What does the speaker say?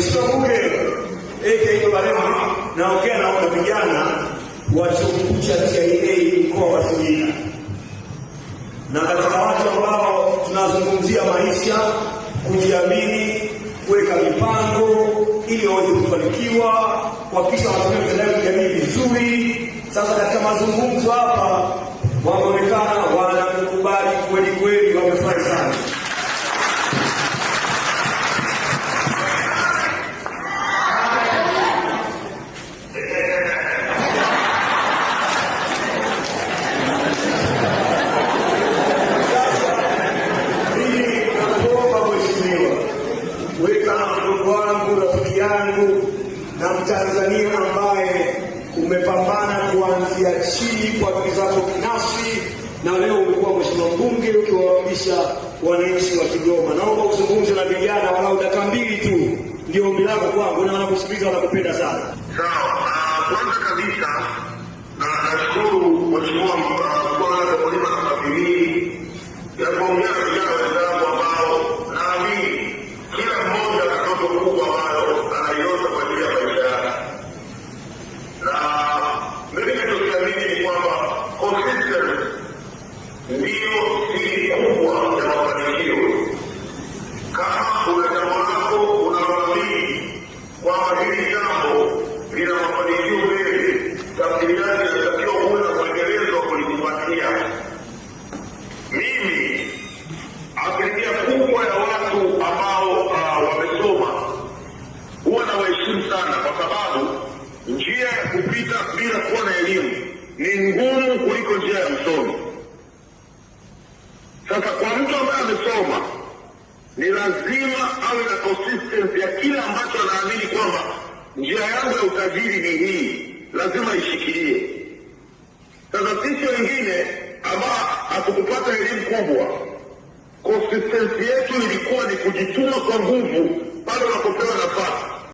Mheshimiwa Bunge AK Barema, naongea na wale vijana wa chuo kikuu cha TIA mkoa wa Singida, na katika watu ambao tunazungumzia maisha, kujiamini, kuweka mipango ili waweze kufanikiwa, kuhakikisha wanatumia mitandao ya kijamii vizuri. Sasa katika mazungumzo hapa wameonekana wanakubali kweli kweli, wamefurahi sana. Tanzania ambaye umepambana kuanzia chini kwa kizazo kinafsi na leo umekuwa mheshimiwa mbunge ukiwawakilisha wananchi wa Kigoma. Naomba uzungumze na vijana walau dakika mbili tu, ndio ombi lako kwangu, na wanakusikiliza wanakupenda sana. Sawa, ah, kwanza kabisa nashukuru mheshimiwa kwamba hili jambo lina mafanikio mengi, tafsiri yake inatakiwa kuwe na mwendelezo wa kulikumbatia. Mimi asilimia kubwa ya watu ambao ah, wamesoma huwa na waheshimu sana, kwa sababu njia ya kupita bila kuwa na elimu ni ngumu kuliko njia ya msomi. ni lazima awe na consistency ya kila ambacho anaamini kwamba njia yangu ya utajiri ni hii, lazima ishikilie. Sasa sisi wengine ambao hatukupata elimu kubwa, consistency yetu ilikuwa ni kujituma kwa nguvu bado nakupewa nafasi.